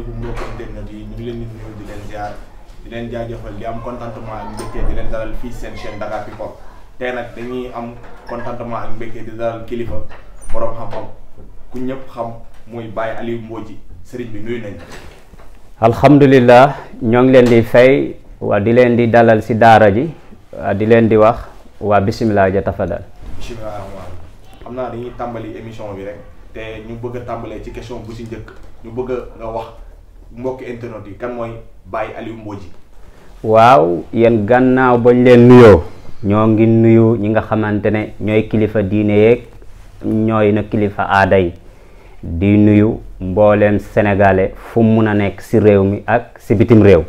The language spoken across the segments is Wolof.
asalaamaaleykum mbokki internet yi ñu ngi leen di nuyu di leen ziar di leen jaajëfal di am contentement ak mbégte di leen dalal fii seen chaîne Dakar People tey nag dañuy am contentement ak mbégte di dalal kilifa borom xam-xam ku ñëpp xam muy Baye Aliou Mbodji sëriñ bi nuyu nañ alhamdulilah ñoo ngi leen di fay waa di leen di dalal si daara ji waa di leen di wax waa bisimilah ja tafadal bisimilah xam naa dañuy tàmbali émission bi rek te ñu bëgg a tàmbalee ci question bu mbokki internet yi kan mooy Baye Aliou Mbodji. waaw yéen gannaaw bañ leen nuyoo ñoo ngi nuyu ñi nga xamante ne ñooy kilifa diine yeeg ñooy na kilifa aada yi di nuyu mbooleem sénégalais fu mun a nekk ci réew mi ak si bitim réew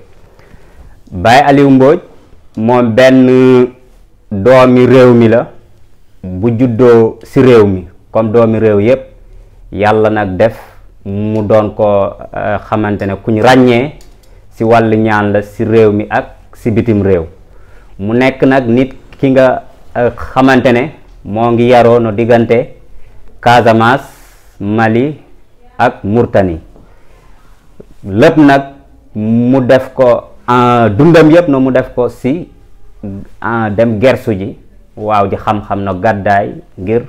Baye Aliou Mbodj moom benn doomi réew mi la bu juddoo ci réew mi comme doomi réew yépp yàlla nag def mu doon ko eh, xamante ne ku ñu ràññee si wàll ñaan la si réew mi ak si bitim réew mu nekk nag nit ki nga eh, xamante ne moo ngi yaroo diggante Casamance Mali ak Murtani lépp nag mu def ko eh, dundam yëpp no mu def ko si dem gersu ji waaw ji xam-xam no gàddaay ngir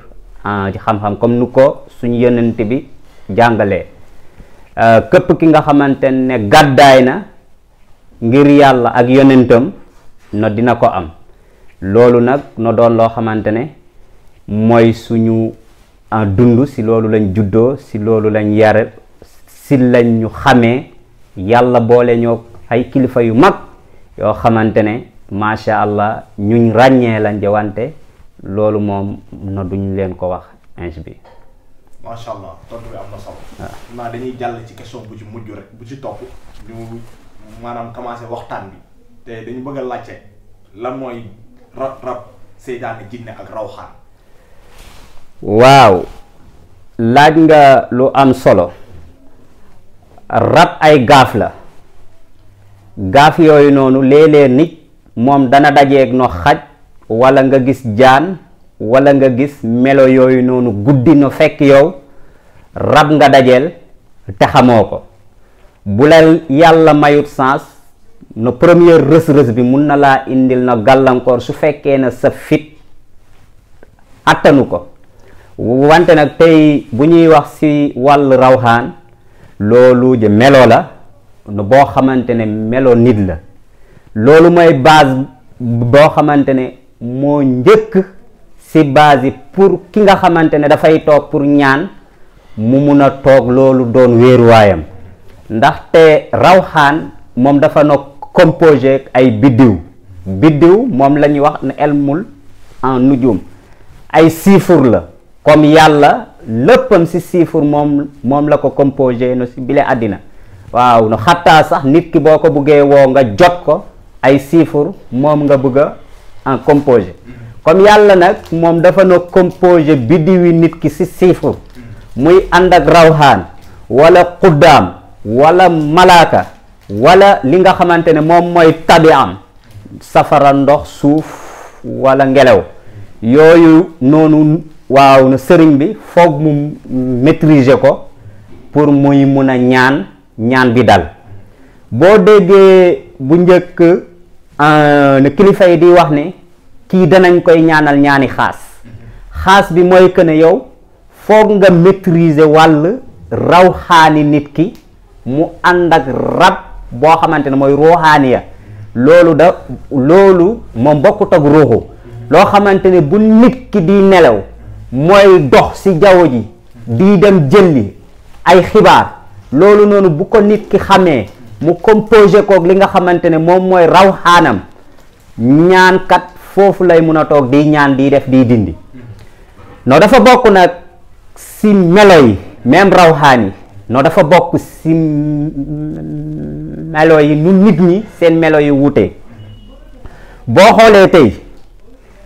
ji xam-xam comme nu ko suñu yonent bi jàngalee euh, képp ki nga xamante ne gàddaay na ngir yàlla ak yonentam no dina ko am loolu nag no doon loo xamante ne mooy suñu euh, dund si loolu lañ juddoo si loolu lañ yare si lañ ñu xamee yàlla boole ñoo ay kilifa yu mag yoo xamante ne macha allah ñuñ ràññee lañ jawante loolu moom no duñ leen ko wax inch bi macha allah tontu bi am na solo. Ah. naa dañuy jàll ci question bu ci mujj rek bu ci topp ñu maanaam commencé waxtaan bi te dañu bëgg a laajte lan mooy rab rab seytaane jinne ak rawxaan. waaw laaj nga lu am solo rab ay gaaf la gaaf yooyu noonu léeg-léeg nit moom dana dajeeg no xaj walla nga gis jaan wala nga gis melo yooyu noonu guddi na fekk yow rab nga dajeel te xamoo ko bu la yàlla mayut sens na première rës-rës bi mun na laa indil na gàllankoor su fekkee na sa fit attanu ko wante nag tey bu ñuy wax ci wàll rawxaan loolu je melo la boo xamante ne melo nit la loolu mooy base boo xamante ne moo njëkk si base pour ki nga xamante ne dafay toog pour ñaan mu mun a toog loolu doon wéeruwaayam ndaxte rawxaan moom dafa na composé ay biddiw biddiw moom la ñuy wax ne elmul en nujum ay chiffre la comme yàlla léppam si chiffre moom moom la ko composé no si bile àddina waaw no xattaa sax nit ki boo ko bëggee woo nga jot ko ay chiffre moom nga bëgg a en composé comme yàlla nag moom dafa na composé biddiwi nit ki si chiffre muy ànd ak rawxaan wala xuddaam wala malaaka wala li nga xamante ne moom mooy tabiam safara ndox suuf wala ngelaw yooyu noonu waaw na sëriñ bi foog mu maîtriser ko pour muy mun a ñaan ñaan bi dal boo déggee bu njëkk euh, ne kilifa yi di wax ni kii danañ koy ñaanal ñaani xaas xaas bi mooy que ne yow foog nga maîtriser wàll rawxaani nit ki mu ànd ak rab boo xamante ne mooy ruuxaaniya loolu da loolu moom bokkut ak ruuxu loo xamante ne bu nit ki di nelaw mooy dox si jaww ji di dem li ay xibaar loolu noonu bu ko nit ki xamee mu composé kook li nga xamante ne moom mooy raw xaanam ñaankat foofu lay mun a toog di ñaan di def di dindi noo dafa bokk nag si melo yi même rawxaan yi non dafa bokk si melo yi nu nit ñi seen melo yi wutee boo xoolee tey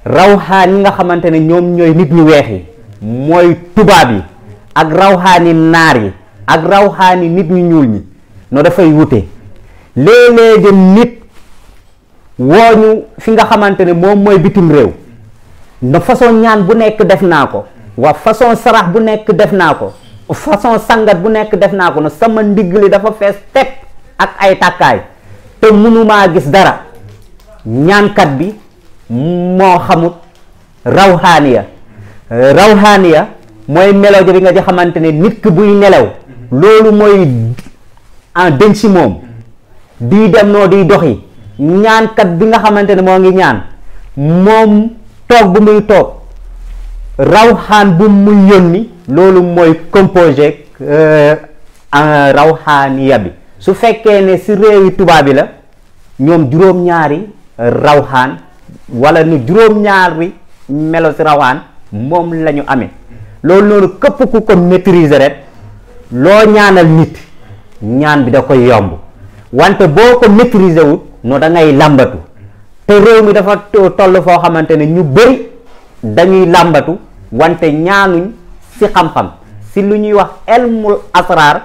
rawxaan yi nga xamante ne ñoom ñooy nit ñu weex yi mooy tubaab yi ak rawxaani naar yi ak rawxaani nit ñu ñuul ñi no dafay wute léeg-léeg nit wooñu fi nga xamante ne moom mooy bitim réew façon ñaan bu nekk def naa ko waa façon sarax bu nekk def naa ko façon sangat bu nekk def naa ko na sama ndigg li dafa fees tepp ak ay tàkkaay te mënumaa gis dara ñaankat bi moo xamut rawxaaniya rawxaaniya mooy melo bi nga di xamante ne nit ki buy nelaw loolu mooy en denc moom di dem noo di doxi ñaankat bi nga xamante ne moo ngi ñaan moom toog bi muy toog rawxaan bu muy ni loolu mooy composé euh, rawxaaniya bi su fekkee ne si réewi tubaab yi la ñoom juróom-ñaari rawxaan wala nu juróom-ñaari melo si rawxaan moom la ñu amee loolu noonu képp ku ko maîtriser rek loo ñaanal nit ñaan bi da koy yomb wante boo ko maîtriser no da ngay làmbatu te réew mi dafa toll foo xamante ne ñu bëri dañuy làmbatu wante ñaanuñ si xam-xam si lu ñuy wax elmul asraar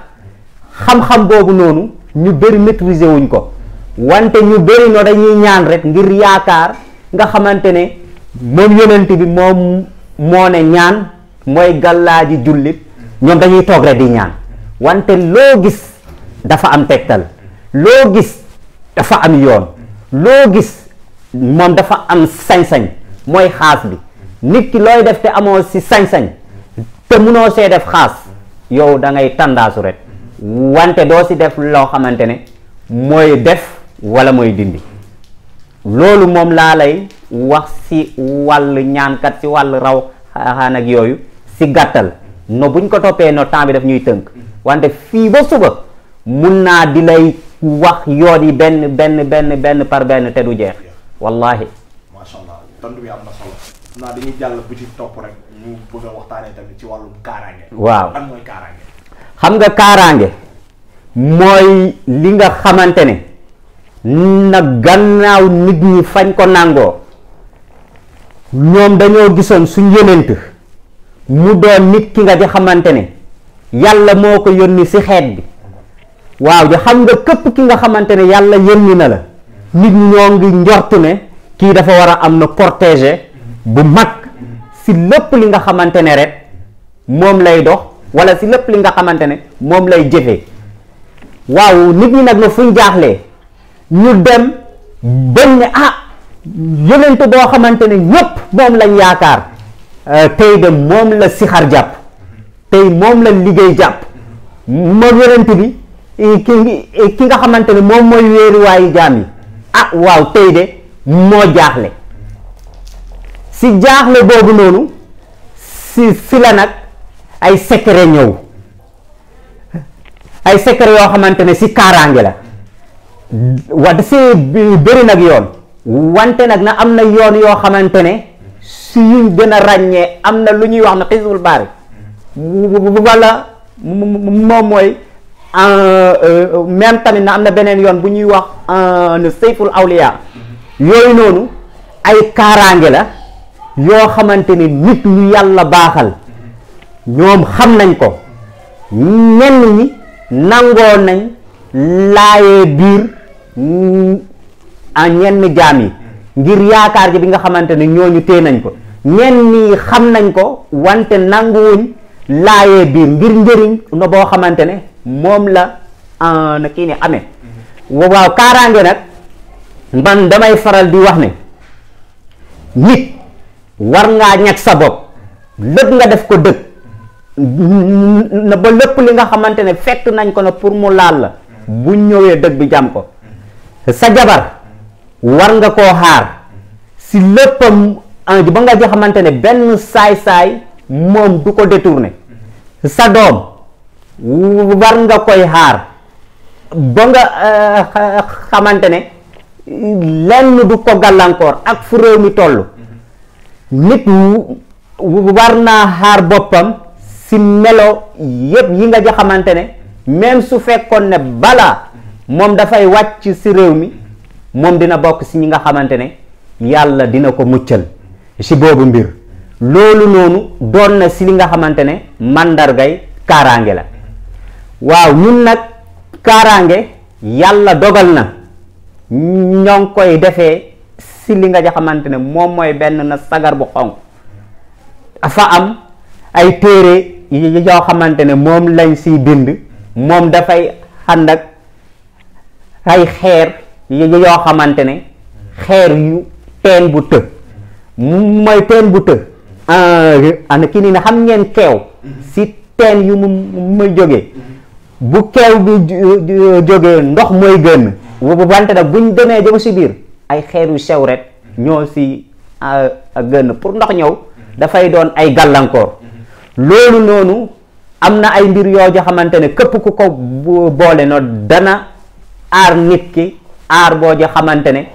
xam-xam boobu noonu ñu bëri maîtriser wuñ ko wante ñu bëri no dañuy ñaan rek ngir yaakaar nga xamante ne moom yonent bi moom moo ne ñaan mooy gàllaaji jullit ñoom dañuy toog rek di ñaan wante loo gis dafa am tegtal loo gis dafa am yoon loo gis moom dafa am sañsañ mooy xaas bi nit ki looy def te amoo si sañ-sañ te munoo see def xaas yow da ngay tàndaasu rek wante doo si def loo xamante ne mooy def wala mooy dindi loolu moom laa lay wax si wàll ñaankat ci wàll raw xaan ak yooyu si gàttal no buñ ko toppee no temps bi daf ñuy tënk wante fii ba suba mun naa di lay wax yoon yi benn benn benn benn par benn te du jeex wallahi macha allah ci wàllu kaaraange waaw lan mooy xam nga kaaraange mooy li nga xamante ne na gannaaw nit ñi fañ ko nangoo ñoom dañoo gisoon suñ yonent mu doon nit ki nga di xamante ne yàlla moo ko yónni si xeet bi waaw di xam nga képp ki nga xamante ne yàlla yónni na la nit ñoo ngi njortu ne kii dafa war a am na portége bu mag si lépp li nga xamante ne rek moom lay dox wala si lépp li nga xamante ne moom lay jëfee waaw nit ñi nag na fuñ jaaxlee ñu dem bañ ne ah yonent boo xamante ne ñëpp moom lañ yaakaar euh, tey de moom la sixar jàpp tey moom la liggéey jàpp moom yonent bi Eh, ki eh, ki nga xamante ne moom mooy wéeruwaayu jaam yi ah waaw tey de moo jaaxle si jaaxle boobu noonu si si la nag ay secret ñëw ay secret yoo xamante ne si kaaraange la wa da see bëri nag yoon wante nag na am na yoon yoo xamante ne si yuñ gën a ràññee am na lu ñuy wax na xisbul baari moom mooy en euh, euh, tamit na am na beneen yoon bu ñuy wax en euh, sayful awliya mhm. yooyu noonu ay kaaraange la yoo xamante ni nit ñu yàlla baaxal ñoom xam nañ ko ñenn ñi nangoo nañ laayee biir ñenn jaam yi ngir yaakaar ji bi nga xamante ne ñooñu téye nañ ko ñenn ñi xam nañ ko wante nanguwuñ laayee biir ngir njëriñ na boo xamante ne moom la kii ne ame waaw kaaraange nag man damay faral di wax ni nit war ngaa ñag sa bopp lépp nga def ko dëgg na ba lépp li nga xamante ne fekk nañ ko na pour mu laal la bu ñëwee dëgg bi jam ko sa jabar war nga koo xaar si léppam ba nga jo xamante ne benn saay-saay moom du ko détourné sa doom war nga koy xaar ba nga euh, xamante ne lenn du ko gàllankoor ak fu réew mi toll nit war naa xaar boppam si melo yépp yi nga ja xamante ne même su fekkoon ne balaa moom dafay wàcc si réew mi moom dina bokk si ñi nga xamante ne yàlla dina ko muccal si boobu mbir loolu noonu doon na si li nga xamante ne màndargay kaaraange la waaw ñun nag kaaraange yàlla dogal na ñoo ngi koy defee si li nga xamante ne moom mooy benn na sagar bu xonq fa am ay téere yoo xamante ne moom lañ siy bind moom dafay ànd ay xeer yoo xamante ne xeer yu teen bu të mooy teen bu të ah, ana kii nii ne xam ngeen keew si teen yu mu ma jógee bu keew bi jógee ndox mooy génn wante nag buñ demee jëm si biir ay xeeru sew rek ñoo si génn pour ndox ñëw dafay doon ay gàllankoor loolu noonu am na ay mbir yoo jo xamante ne képp ku ko boole no dana aar nit ki aar boo jo xamante ne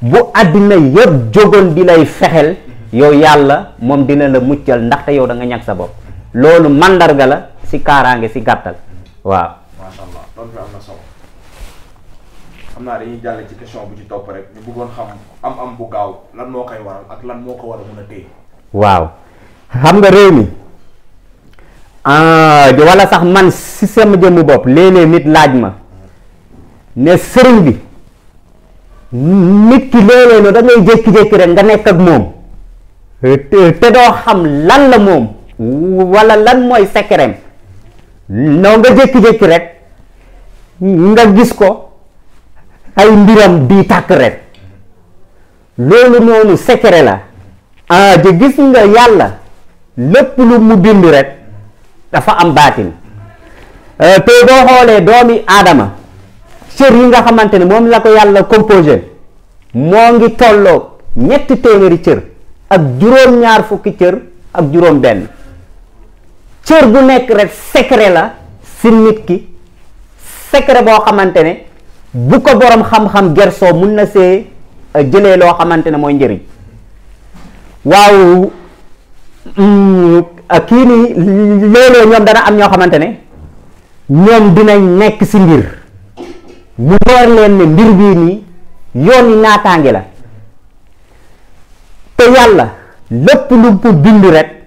bu àddina yëpp jógoon di lay fexel yow yàlla moom dina la muccal ndaxte yow da nga ñàkk sa bopp loolu mandarga la si kaaraange si gàttal waaw macha allah tontu am xam naa dañuy jàll ci question bu ci topp rek ñu bëggoon xam am am bu lan moo koy waral ak lan moo ko war waaw xam nga réew mi ah, wala sax man si sama jëmmu bopp léeg-léeg nit laaj ma ne sëriñ bi nit ki léeg-léeg no da ngay jékki-jékki rek nga nekk ak moom te doo xam lan la moom wala lan mooy sekkereem non nga jékki-jékki rek nga gis ko ay mbiram di tàkk rek loolu noonu secret la ah je gis nga yàlla lépp lu mu bind rek dafa am baatin euh, te boo xoolee doomi aadama cër yi nga xamante ne moom la ko yàlla composé moo ngi tolloo ñetti téeméeri cër ak juróom-ñaar fukki cër ak juróom benn cër bu nekk rek secret la si nit ki secret boo xamante ne bu ko borom xam-xam gersoo mun na see euh, jëlee loo xamante ne mooy njëriñ waaw mm, kii nii léeg ñoom dana am ñoo xamante ne ñoom dinañ nekk si mbir mu leer leen ne mbir bii nii yoon yi naataange la te yàlla lépp lu mu bind rek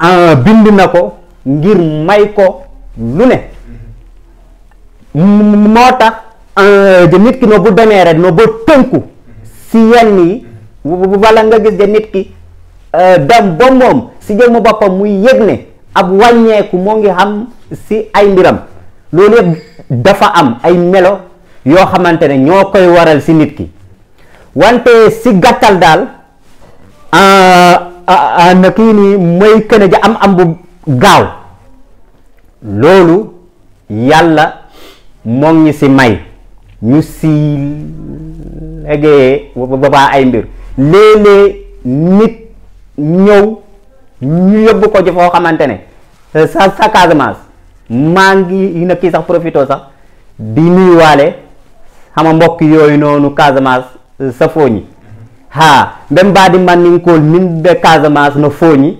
Ah, bind na ko ngir may ko lu ne moo tax ah, nit ki no bu demee rek no ba tënku si yenn yi wala nga gis de nit ki ah, dem ba moom si jëmmu boppam muy yëg ne ab wàññeeku moo ngi xam si ay mbiram loolu yëpp dafa am ay melo yoo xamante ne ñoo koy waral si nit ki wante si gàttal daal na kii nii mooy kene ja am am bu gaaw loolu yàlla moo ngi ci may ñu si legee ba ay mbir léeg-léeg nit ñëw ñu yóbbu ko ji foo xamante ne euh, sa sa Casamance maa ngi na kii sax profito sax di nuyuwaale xama mbokk yooyu noonu Casamance euh, sa fooñi ha ɓe mbaadi manninkol min ɓe casamance no fooñi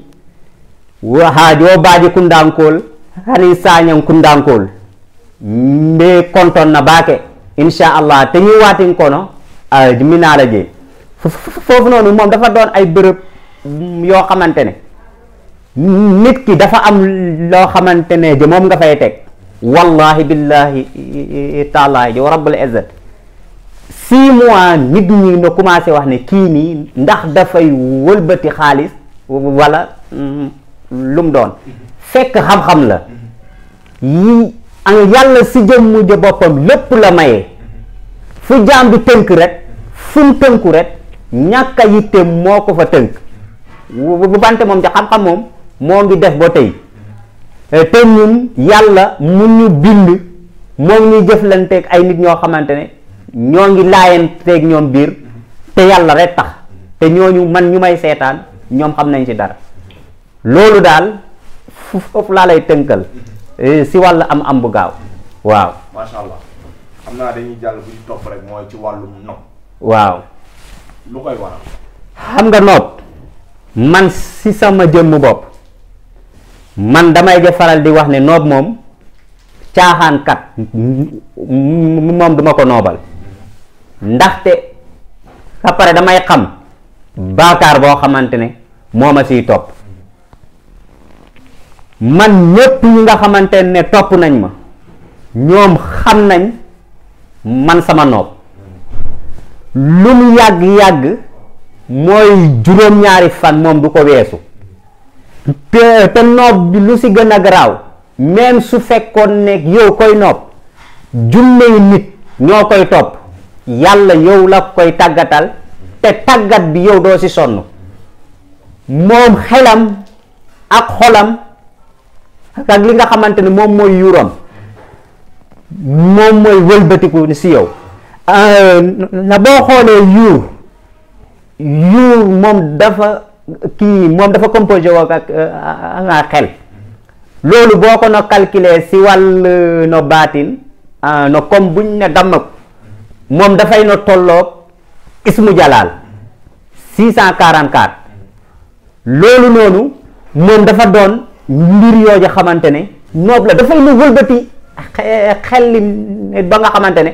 haaji o baaji kundankol hani sañan kundankol mbe kontonna baake inchallah te ñi waatin kono mi naala foofu noonu moom dafa doon ay bërëb mm, yoo xamante ne nit ki dafa am loo xamante ne ji moom nga fay teg wallahi billahi taalahi ji wa rabbul izzat six mois nit ñi na commencé wax ne kii nii ndax dafay wëlbati xaalis wala mm, lum doon fekk xam-xam la yi yàlla si jëmm ja boppam lépp la maye fu jaan bi tënk rek fu mu tënku rek ñàkk a yitte moo ko fa tënk bu bante moom ja xam-xam moom moo ngi def ba tey eh, te ñun yàlla mu ñu bind moom ñuy jëflanteeg ay nit ñoo xamante ne ñoo ngi laayanteeg ñoom biir te yàlla rek tax te ñooñu man ñu may seetaan ñoom xam nañ ci dara loolu daal foofu laa lay tënkal eh, si wàll am am bu gaaw waaw. macha allah xam ci wàllum nopp. waaw. lu koy waral. xam nga nopp man si sama jëmm bopp man damay ja faral di wax ne noot moom caaxaankat moom duma ko noobal ndaxte ba pare damay xam baakaar boo xamante ne moo ma siy topp man ñépp ñi nga xamante ne topp nañ ma ñoom xam nañ man sama noob lu mu yàgg-yàgg mooy juróom-ñaari fan moom du ko weesu te te noob bi lu si gën a garaaw même su fekkoon ne yow koy noob junne yu nit ñoo koy topp yàlla yow la koy tàggatal te tàggat bi yow doo ci sonn moom xelam ak xolam ak li nga xamante ne moom mooy yuuram moom mooy wëlbatiku si yow euh, na boo xoolee yuur yuur moom dafa kii moom dafa composé woo ak euh, nga xel loolu boo ko no calculer ci wàll euh, no baatin no comme buñ ne damm moom dafay na tolloog ismu jalaal 644 loolu noonu moom dafa doon mbir yooja xamante ne noob la dafay na wëlbati xelli nit ba nga xamante ne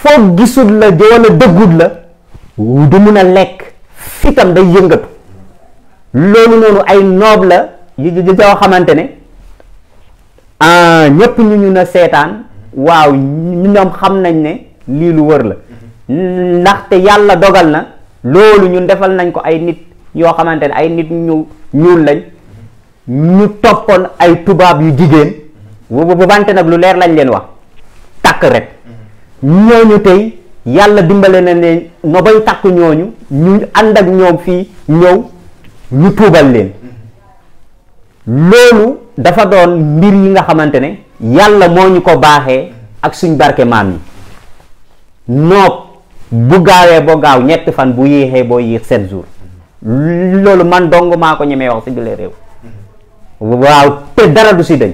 foog gisut la wala dëggut la du mun a lekk fitam day yëngatu loolu noonu ay noob la yoo xamante ne ah, ñëpp ñu ñu na seetaan waaw ñoom xam nañ ne lii lu wër la ndaxte yàlla dogal na loolu ñun defal nañ ko ay nit yoo xamante ne ay nit ñu ñuul lañ ñu toppoon ay tubaab yu jigéen bu bu bante nag lu leer lañ leen wax takk rek ñooñu tey yàlla dimbale na ne nga bay takk ñooñu ñu ànd ak ñoom fii ñëw ñu tuubal leen loolu dafa doon mbir yi nga xamante ne yàlla moo ñu ko baaxee ak suñ barke maam yi noog bu gaawee boo gaaw ñett fan bu yéexee boo yéex sept jours loolu man dong maa ko ñemee wax si biir réew waaw te dara du si dañ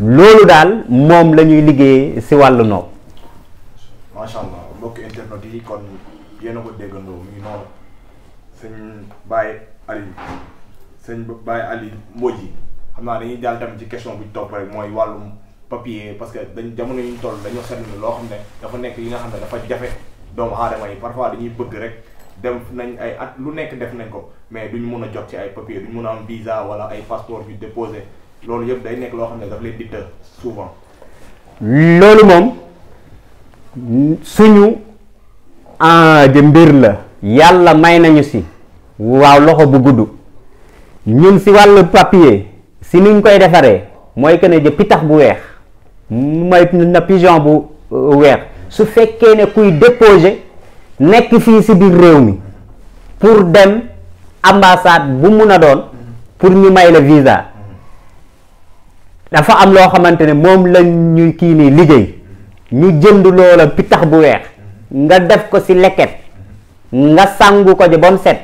loolu daal moom lañuy liggéeye liggéey si wàllu noog. macha allah mbokk internet yi kon yéen a ko déggandoo muy noonu sëñ Baye Aliou sëñ Baye Aliou Mbodji xam naa dañuy jàll tamit ci question bu topp rek mooy wàllum. papier parce que dañu jamono yuñ toll dañoo seetlu ne loo xam ne dafa nekk yi nga xam ne dafa jafe doomu aadama yi parfois dañuy bëgg rek dem nañ ay at lu nekk def nañ ko mais ñu mun a jot ci ay papier duñ mun a am visa wala ay passeport yu déposé loolu yëpp day nekk loo xam ne daf leen di të souvent. loolu moom suñu enjeu mbir la yàlla may nañu si waaw loxo bu gudd ñun si wàll papier si niñ koy defaree mooy que ne jë pitax bu weex mooy na pigeon bu euh, weex su fekkee ne kuy déposé nekk fii si biir réew mi pour dem ambassade bu mun a doon pour ñu may la visa dafa am loo xamante ne moom la ñu kii nii liggéey ñu jënd loola pittax bu weex nga def ko si leket nga sangu ko ji bon set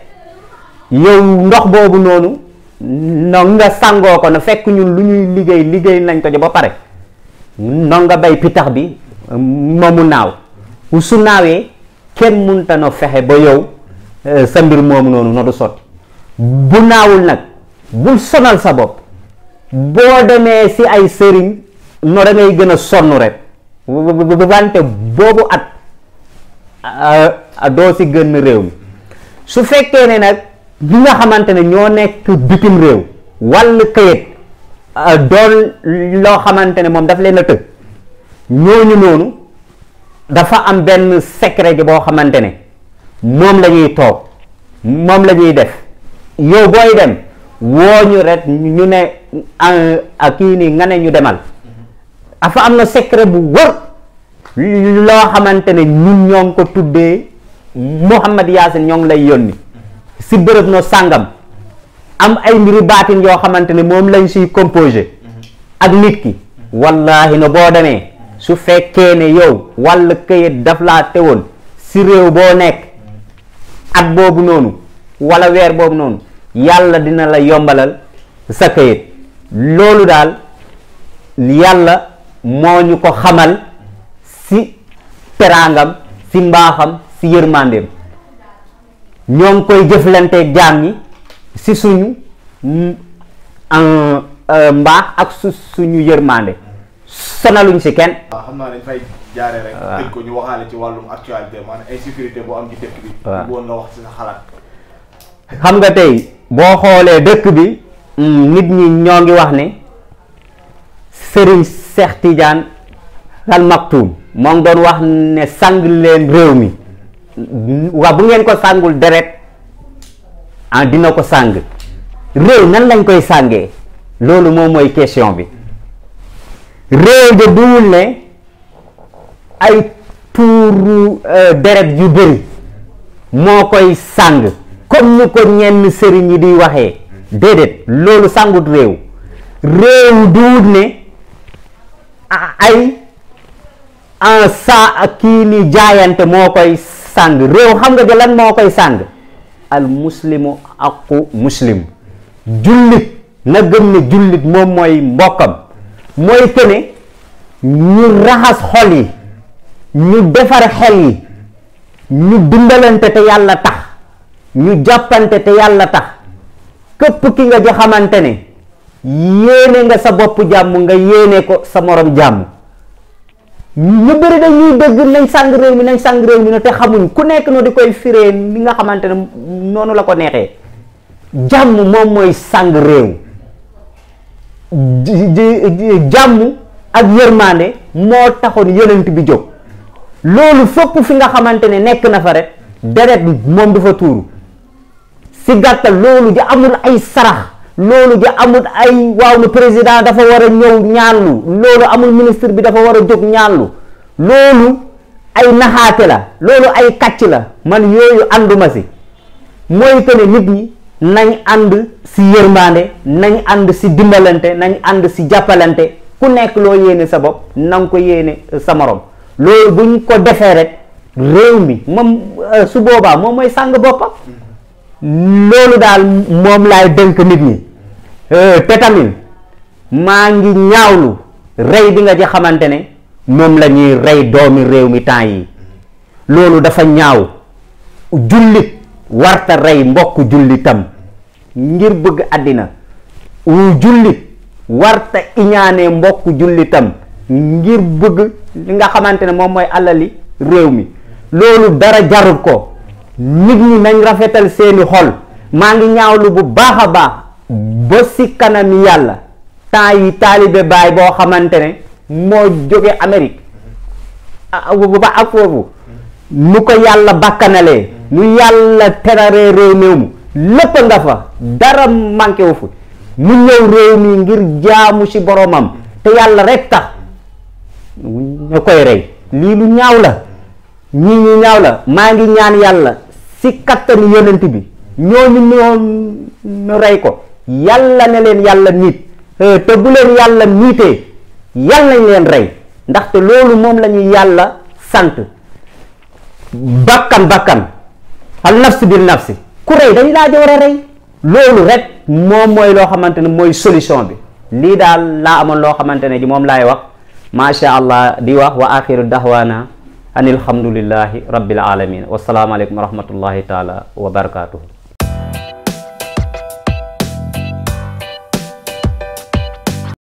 yow ndox boobu noonu no nga sangoo ko na fekk ñun lu ñuy liggéey liggéey nañ ko ji ba pare ndonga bay pitax bi moomu naaw su naawee kenn mënta na fexe ba yow eh, sa mbir moomu noonu no du sotti bu naawul nag bul sonal sa bopp boo demee si ay sëriñ no da gën a sonn rek wante boobu at ah, doo si gën réew mi su fekkee ne nag ñi nga xamante ne ñoo nekk bitim réew wàll këyit Euh, doon loo xamante ne moom daf leen a tëg ñooñu noonu dafa am benn secret ji boo xamante ne moom lañuy toog moom lañuy def yow booy dem woo ñu ret ñu ne ak ah, ah, kii nii nga ne ñu demal dafa am na secret bu wër loo xamante ne ñun ñoo ko tuddee Mouhamad Yaasin ñoo ngi lay yónni si bërëb na sàngam am ay mbiri baatin yoo xamante ne moom lañ siy composé ak nit ki wallaahi na boo demee su fekkee ne yow walla këyit daf laa tewoon si réew boo nekk at boobu noonu walla weer boobu noonu yàlla dina la yombalal sa këyit loolu daal yàlla moo ñu ko xamal si teraangam si mbaaxam si yërmandeem ñoo ngi koy jëflanteeg jaam ñi si suñu mm, euh, mbaax ak su suñu yërmande sonaluñ si kenn. waaw xam naa dañ fay jaaree rek. waaw ko ñu waxaale ci wàllum actualité maanaam insécurité bu am ci dëkk bi. wax ci sa nga tey boo xoolee dëkk bi mm, nit ñi ñoo ngi wax ne sëriñ seex Tidiane Al Maktoum moo doon wax ne sang leen réew mi waa bu ngeen ko sangul deret. ah dina ko sàng réew nan lañ koy sàngee loolu moom mooy question bi réew de duwul ne ay tuuru euh, deret yu bëri moo koy sàng comme ni ko ñenn sëriñ yi di waxee déedéet loolu sàngut réew réew duwul ne ay en sa kii ni jaayante moo koy sàng réew xam nga de moo koy sàng al aqu muslim jullit na gëm na jullit moom mooy mbokkam mooy que ne ñu raxas xol yi ñu defar xel yi ñu dimbalante te yàlla tax ñu jàppante te yàlla tax képp ki nga di xamante ne yéene nga sa bopp jàmm nga yéene ko sa morom jàmm ñu bëri dañ ñuy dégg nañ sàng réew mi nañ sàng réew mi ne te xamuñ ku nekk no di koy firee nga xamante ne noonu la ko neexee jàmm moom mooy sàng réew jàmm ak yërmande moo taxoon yonent bi jóg loolu fépp fi nga xamante ni nekk na fa rek deret moom du fa tuuru si gàttal loolu ji amul ay sarax loolu ji amul ay waaw na président dafa war a ñëw ñaanlu loolu amul ministre bi dafa war a jóg ñaanlu loolu ay naxaate la loolu ay kàcc la man yooyu ànduma si mooy que nit ñi nañ ànd si yërmaande nañ ànd si dimbalante nañ ànd si jàppalante ku nekk loo yéene sa bopp na ko yéene euh, sa moroom loolu bu ko defee rek réew mi moom euh, su boobaa moom mooy sàng boppam loolu daal moom laay dënk nit ñi euh, te tamit maa ngi ñaawlu rey bi nga ci xamante ne moom la ñuy rey doomi réew mi temps yi loolu dafa ñaaw jullit warta rey mbokk jullitam ngir bëgg àddina wu jullit warta iñaane mbokk jullitam ngir bëgg li nga xamante ne moom mooy alali réew mi loolu dara jarul ko nit ñi nañ rafetal seeni xol maa ngi ñaaw ñaawlu bu baax a baax ba si kanam yàlla temps yi taalibe baay boo xamante ne moo jóge Amérique ah, ba ak foofu nu ko yàlla bàkkanalee nu yàlla teraree réew méew mu lépp nga fa dara manqué wu fu mu ñëw réew mi ngir jaamu ci boromam te yàlla rek tax ñu koy rey lii lu ñaaw la ñii ñu ñaaw la maa ngi ñaan yàlla si kattanu yonent bi ñooñu ñoom ñu rey ko yàlla ne leen yàlla nit eh, te bu leen yàlla niitee yàlla nañ leen rey ndaxte loolu moom la yàlla sant bakkan bakkan al nafsi bil nafsi ku rey dañ laa war loolu rek moom mooy loo xamante ne mooy solution bi lii daal la amoon loo xamante ne ji moom laay wax macha allah di wax wa axiru dahwaana an alhamdulillahi rabbil alamin wasalaamualeykum wa rahmatullahi taala wa barakatuhu